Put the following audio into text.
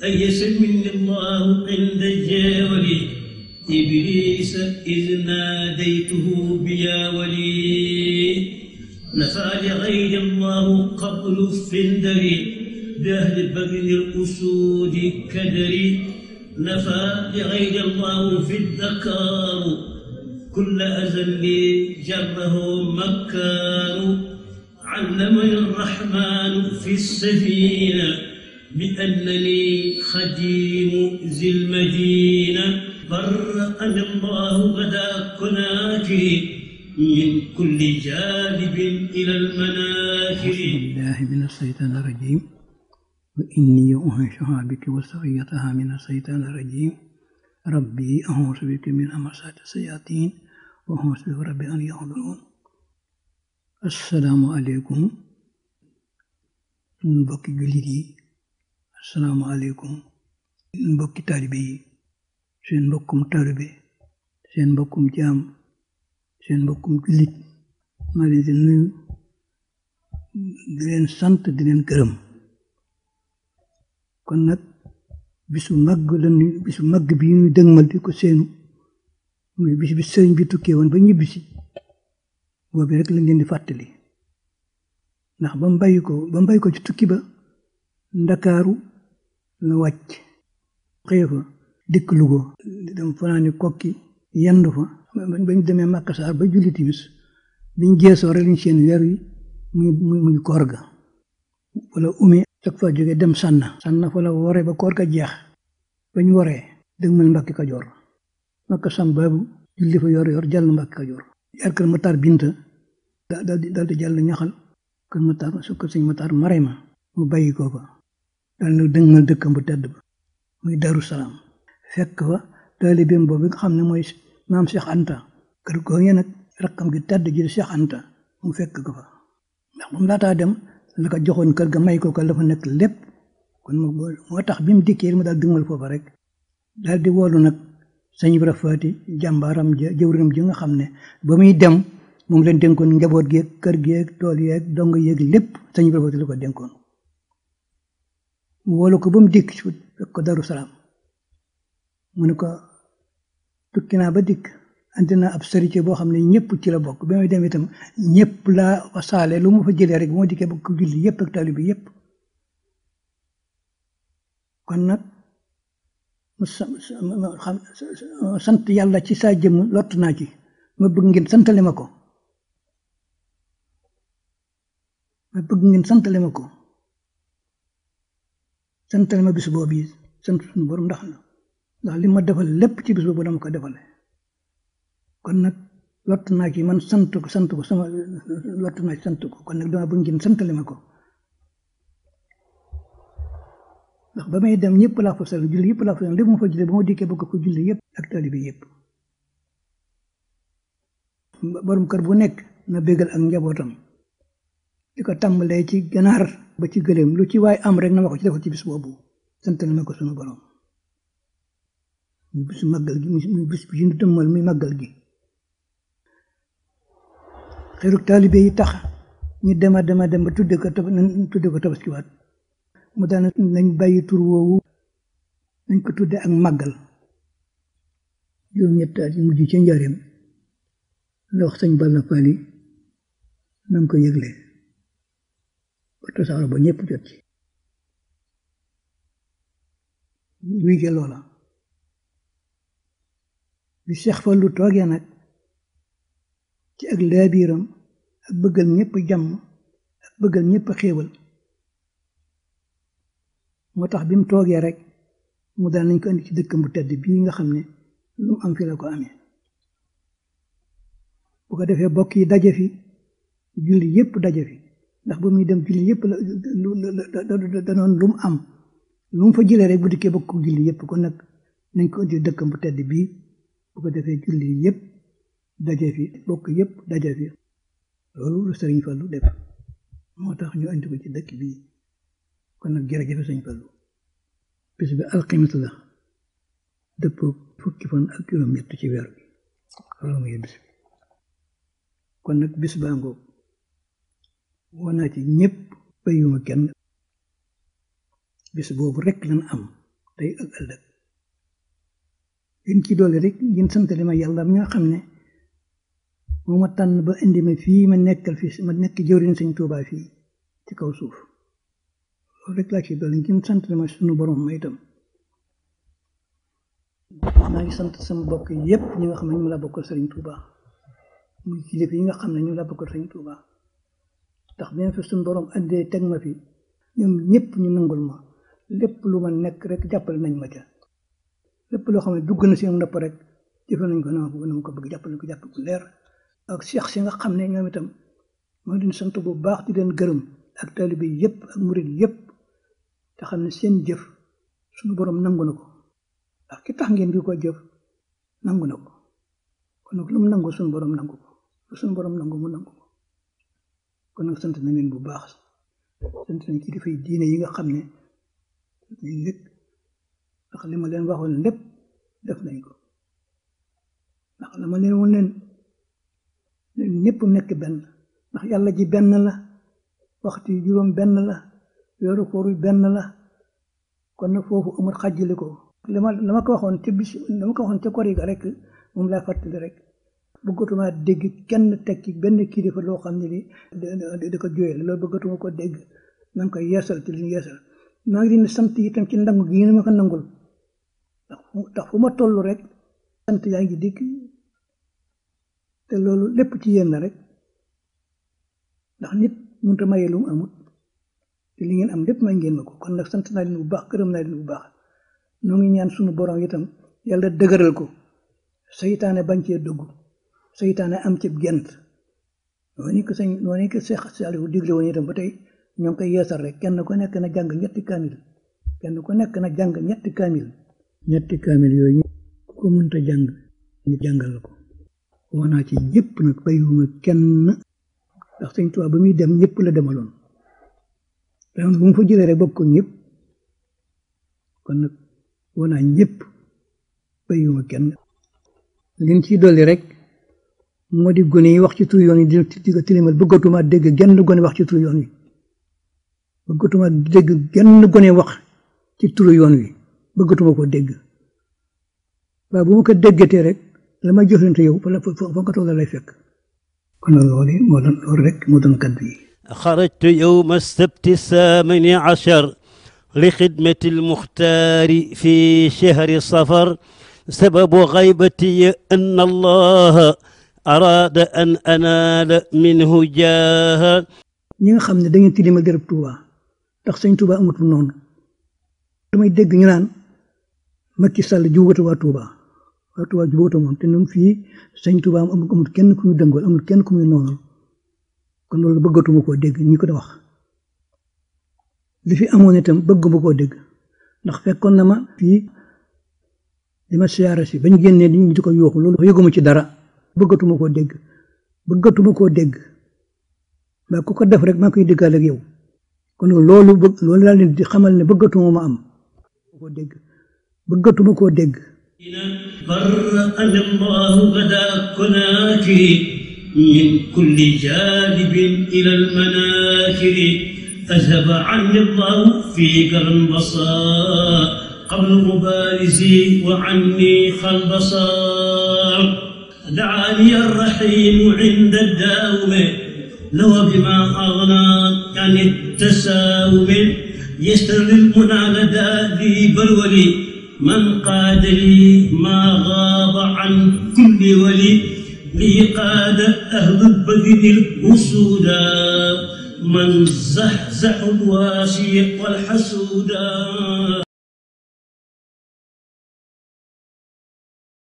من الله قل دجاولي إبليس إذ ناديته بيا ولي نفى لغير الله قبل الفندري بأهل بغن الأسود كدري نفى لغير الله في الذكار كل أزل جره مكان علمني الرحمن في السفينه بأنني خديم ذي المدينة برأني الله غدا كناكي من كل جانب إلى المناكر بالله من الشيطان الرجيم وإني أهشها بك وسريتها من الشيطان الرجيم ربي أعوذ بك من همسات الشياطين وأعوذ بك ربي أن يحضرون السلام عليكم mbokki قليلي asalaamaaleykum mbokki taalibe yi seen mbokkum taalibe seen mbokkum jam, seen mbokkum julit ma leen di nuyu di leen sant di leen gërëm kon nag bisu la lañu bisu mag bi ñuy dëgmal di ko seenu muy bis bi sëriñ bi tukkee woon ba ñibbisi boobu rek la ngeen di fàttali ndax ba mu bàyyi ko ba mu bàyyi ko ci tukki ba ndakaaru nga wàcc xëye ko dëkk lugo dem fanaani kokki yendu fa bañ demee makkasaar ba julli timis biñ geesoo rek liñ seen weer wi muy muy koor wala umi tak fa jóge dem sànna sànna fa la wore ba koor ga jeex bañ waree dëgg mel mbakki jor makka sam babu julli fa yor yor jàll mbakki jor yar kër matar binta dal di jall ñaxal kër matar su señ matar marema mu bàyyi ko dal nu dëngal dëkkam bu tedd muy daru salaam fekk fa taalibeem boobu nga xam ne mooy maam Cheikh Anta kër gooñe nag rakkam gi tedd ji Cheikh Anta mu fekk ko fa ndax moom laataa dem la ko joxoon kër ga may ko ko la fa nekk lépp kon moo tax bi mu dikkee mu daal dëngal foofa rek dal di woolu nag sëñ Ibra Faati jàmbaaram jëwrinam ji nga xam ne ba muy dem moom leen dénkoon njaboot gi kër gi yeeg tool yeeg dong yeeg lépp sëñ Ibra Faati la ko dénkoon mu wolu ko ba mu dikk ci fekk ko daru salaam mu ne ko tukki ba dikk andi naa ab sarice boo xam ne ñëpp ci la bokk ba may dem itam ñëpp laa wasaale lu mu fa jëlee rek bu ma dikkee bokk julli yëpp ak tali bi yëpp kon nag ma sant yàlla ci saa jëmm lott naa ci ma bëgg ngeen santale ma ko ma bëgg ngeen santale ma ko santal ma bis boobu yi sant suñu borom ndax ndax li ma defal lépp ci bis boobu dama ko defal kon nag lott naa ci man sant ko sant ko sama lott naa ci sant ko kon nag dama bëgg ngeen ko ndax ba may dem ñëpp laa fa sal julli yëpp laa fa sal lépp ma fa julli ba ma dikkee bëgg ko julli yëpp ak taalibe yëpp borom kër bu nekk na bégal ak njabootam diko ko ci ganar ba ci gëléem lu ci way am rek na wax ci defal ci bis bobu sant na mako sunu borom bis magal gi muy bis bi ñu tamal mi magal gi xeru taalibe yi tax ñu dema dema dem ba tudde ko tudde ko wat mu daan nañ bayyi tur woowu nañ ko tudde ak magal juróom yi mujj ci wax Fali ko waxtu sax ba ñëpp jot ci buy ca loola bi Seex lu toogee nag ci ak laabiiram ak bëggal ñépp jàmm ak bëggal ñëpp xéewal moo tax bi mu toogee rek mu daal nañ ko indi ci dëkkam bu tedd bii nga xam ne lu mu am fi la ko amee bu ko defee bokk yi daje fi julli yépp daje fi ndax bu muy dem julli yépp la da da da non lu mu am lu mu fa jëlee rek bu dikkee bokk julli yépp kon nag nañ ko indi dëkkam bu tedd bii bu ko defee julli yépp daje fi bokk yépp daje fi loolu lu sëriñ fallu def moo tax ñu andi ko ci dëkk bii kon nag jërëjëf sëriñ fallu bis bi alximis la dëpp fukki fan ak juróom ñett ci weer bi loolu yëg bis bi kon nag bis baa ngoog wonaa ci ñépp bayuma kenn bis boobu rek lan am tey ak ëllëg gën ci doole rek sante li ma yàlla mi nga xam ne ma tànn ba indi ma fii ma nekkal fi ma nekk jëwrin sëñ tuubaa fii ci kaw suuf loolu rek laa ci doole gën li ma sunu borom ma itam maa ngi sant sama bokk yépp ñi nga xam ne ñu la bokkal sëriñ tuubaa muy kilifa yi nga xam ne ñu la bokkal sëriñ ndax bien fi sun borom andee tek ma fi ñom ñepp ñu nangul ma lepp lu ma nek rek jappal nañ ma ca lepp lo xam ne dugg na seen nopp rek jëfe nañ ko naa ko ko bëgg jappal ko jàpp ko leer ak cheikh si nga xam ñom itam mo di sant bu baax di den gërëm ak talibi yépp ak murid yépp te xam seen jëf suñu borom nangul nako ak ki tax ngeen bi ko jëf nangul nako kon nag lu mu nangul suñu borom nangul ko suñu borom nangul mu nangul kon nag sant nañ leen bu baax sant nañ ci dafay diine yi nga xam ne nañ lépp ndax li ma leen waxoon lépp def nañ ko ndax la ma leen woon leen ñëpp nekk benn ndax yàlla ji benn la waxtu yi juróom benn la weeru koor yi benn la kon nag foofu amul xàjjale ko li ma la ma ko waxoon te bis la ma ko waxoon te kori ga rek moom laa fàttali rek bëggatuma dégg kenn teg ci benn kilifa loo xam ne li da ko jóyee loolu bëggatuma ko dégg maa ngi koy yeesal ci yeesal maa ngi leen di yi itam ci ndangu gi ngeen ma ko nangul ndax fu ma toll rek sant yaa ngi dikk te loolu lépp ci yéen na rek ndax nit mënut a mu amut li ngeen am lépp may ngeen ma ko kon nag sant naa leen bu baax këram naa leen bu baax noo ngi ñaan suñu borom itam yàlla dëgëral ko seytaane bañ cee dugg seytaane am cib gent noonu ko sëñ noonu ko Seex Saaliw digle woon itam ba tey ñoo ngi koy yeesal rek kenn ku nekk na jàng ñetti kaamil kenn ku nekk na jàng ñetti kaamil ñetti kaamil yooyu ku ko mënta jàng ñu jàngal la ko wanaa ci ñëpp nag bàyyiwuma kenn ndax sëñ Tuubaa ba muy dem ñëpp la demaloon ren bu mu fa jëlee rek bokk ñëpp kon nag wanaa ñëpp bàyyiwuma kenn liñ ciy dolli rek moo di gone yi wax ci tur yoon yi dina dina tilimal bëggatuma dégg genn gone wax ci tur yoon wi bëggatuma dégg genn gone wax ci tur yoon wi bëggatuma ko dégg waaye bu ma ko déggatee rek la ma joxlante yow fa fa nga toog la lay fekk kon loolu moo doon loolu rek moo doon kaddu yi خرجت يوم السبت الثامن عشر لخدمة المختار في شهر صفر سبب غيبتي أن الله أراد أن أنال منه جاها ñi nga xam ne da ngeen tilima garab tuuba ndax sëñ Touba amatul noon damay dégg ñu naan Macky Sall jubatu waa Touba waa Touba jubatu moom te ñun fii sëñ Touba amul kenn ku ñu dëngool amul kenn ku ñu noonu kon loolu bëggatuma koo dégg ñi ko da wax li fi amoon itam bëgguma koo dégg ndax fekkoon na ma fii li ma siyaare si bañ génnee di ko yooxu loolu yëguma ci dara bëggatuma koo dégg bëggatuma koo dégg mais ku ko def rek maa koy diggal ak yow kon loolu loolu daal di xamal ne bëggatuma ma am koo dégg bëggatuma koo dégg برأنا الله بداكناك من كل جانب إلى المناكر أذهب عني الله فيك البصار قبل مبارزي وعني خلبصار دعاني الرحيم عند الداوم لو بما أغنى عن التساوم يستر للمنى لدى ذي بالولي من قاد لي ما غاب عن كل ولي لي قاد أهل البدن الأسودا من زحزح الواشي والحسودا